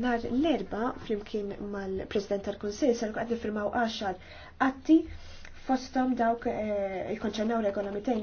Nar l-erba, flimkien mal-President tal-Konsil, sar għad firmaw għaxar atti fostom dawk jikonċernaw eh, konċernaw 200